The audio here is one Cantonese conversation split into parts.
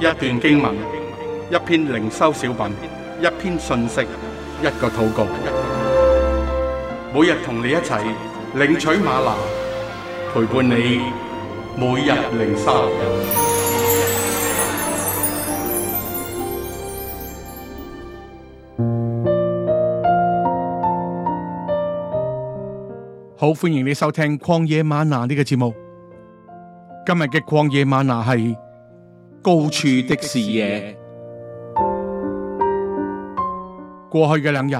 一段經文，一篇靈修小品，一篇信息，一個禱告。每日同你一齊領取嗎哪，陪伴你每日靈修。好，歡迎你收聽《曠野嗎哪》呢個節目。今日嘅曠野嗎哪係。高處的視野。過去嘅兩日，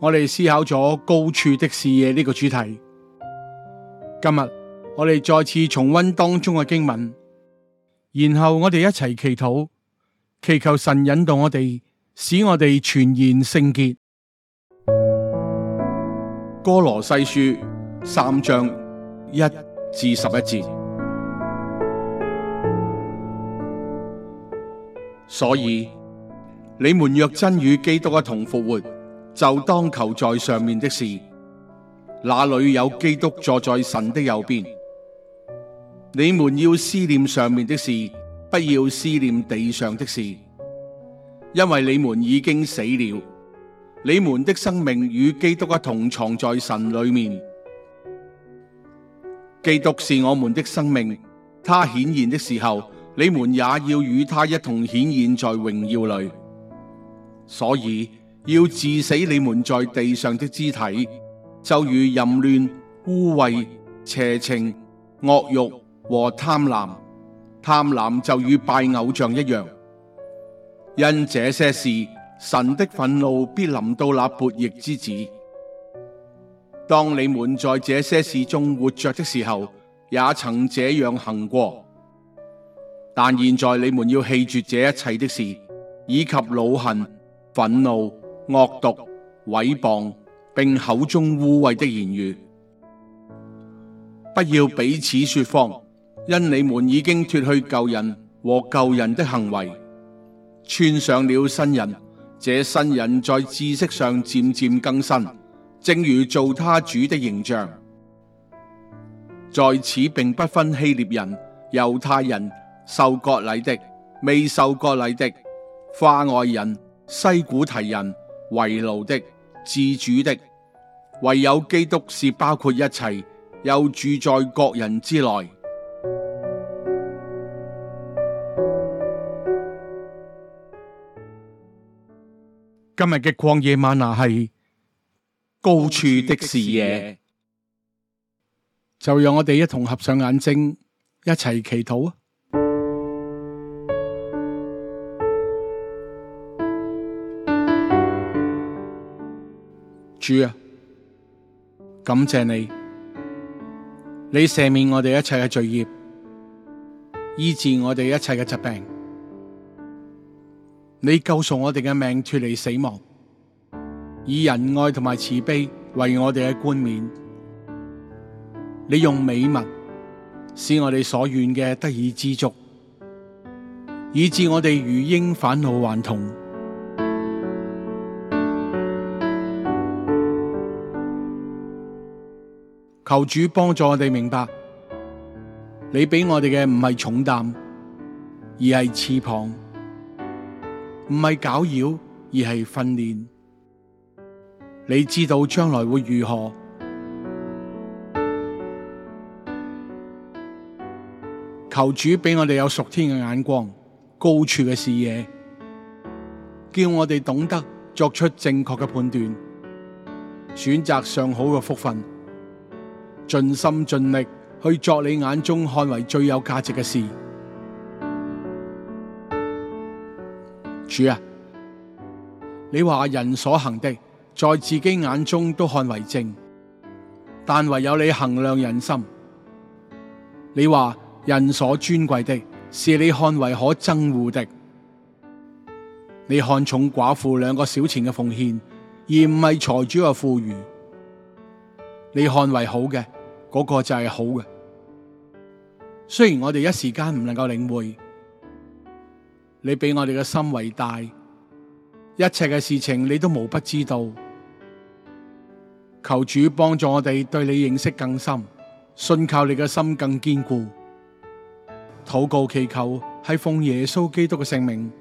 我哋思考咗高處的視野呢個主題。今日我哋再次重溫當中嘅經文，然後我哋一齊祈禱，祈求神引導我哋，使我哋全然聖潔。歌羅西書三章一至十一節。所以，你們若真與基督一同復活，就當求在上面的事。那裏有基督坐在神的右邊，你們要思念上面的事，不要思念地上的事。因為你們已經死了，你們的生命與基督一同藏在神裏面。基督是我們的生命，他顯現的時候，你們也要與他一同顯現在榮耀裏，所以要致死你們在地上的肢體，就如淫亂、污穢、邪情、惡欲和貪婪，貪婪就與拜偶像一樣。因這些事，神的憤怒必臨到那悖逆之子。當你們在這些事中活着的時候，也曾這樣行過。但現在你們要棄絕這一切的事，以及惱恨、憤怒、惡毒、毀謗，並口中污穢的言語，不要彼此說謊，因你們已經脫去舊人和舊人的行為，穿上了新人。這新人在知識上漸漸更新，正如造他主的形象。在此，並不分希利尼人、猶太人。受割禮的，未受割禮的，化外人、西古提人、為奴的、自主的，唯有基督是包括一切，又住在各人之內。今日嘅曠野嗎哪係高處的視野，就讓我哋一同合上眼睛，一齊祈禱啊！主啊，感謝你，你赦免我哋一切嘅罪孽，醫治我哋一切嘅疾病，你救贖我哋嘅命脫離死亡，以仁愛同埋慈悲為我哋嘅冠冕，你用美物使我哋所願嘅得以知足，以致我哋如鷹返老還童。求主幫助我哋明白，你畀我哋嘅唔係重擔，而係翅膀；唔係攪擾，而係訓練。你知道將來會如何？求主俾我哋有屬天嘅眼光，高處嘅視野，叫我哋懂得作出正確嘅判斷，選擇上好嘅福分。盡心盡力去作你眼中看為最有價值嘅事，主啊，你話人所行的，在自己眼中都看為正，但唯有你衡量人心。你話人所尊貴的，是你看為可憎惡的。你看重寡婦兩個小錢嘅奉獻，而唔係財主嘅富裕。你看為好嘅，嗰個就係好嘅。雖然我哋一時間唔能夠領會，你俾我哋嘅心為大，一切嘅事情你都無不知道。求主幫助我哋對你認識更深，信靠你嘅心更堅固。禱告祈求係奉耶穌基督嘅聖名，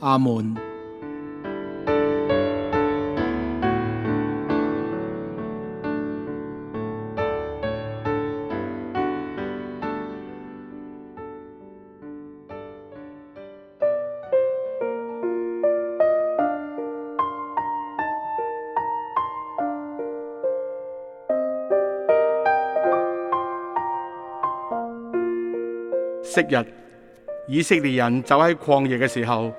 阿門。昔日以色列人走喺曠野嘅時候，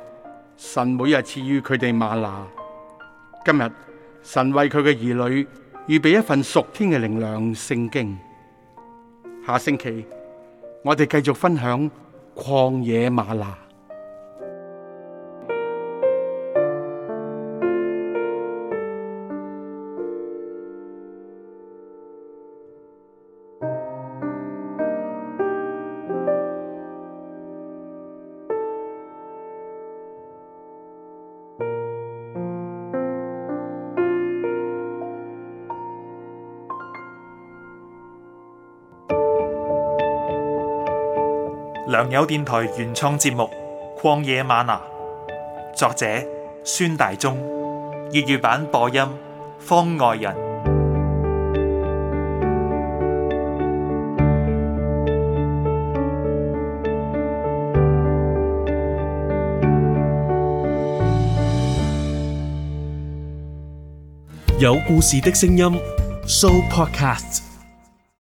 神每日賜予佢哋嗎哪。今日神為佢嘅兒女預備一份屬天嘅靈糧——聖經。下星期我哋繼續分享曠野嗎哪。良友電台原創節目《曠野嗎哪》，作者孫大中，粵語版播音方外人。有故事的聲音，Show Podcast。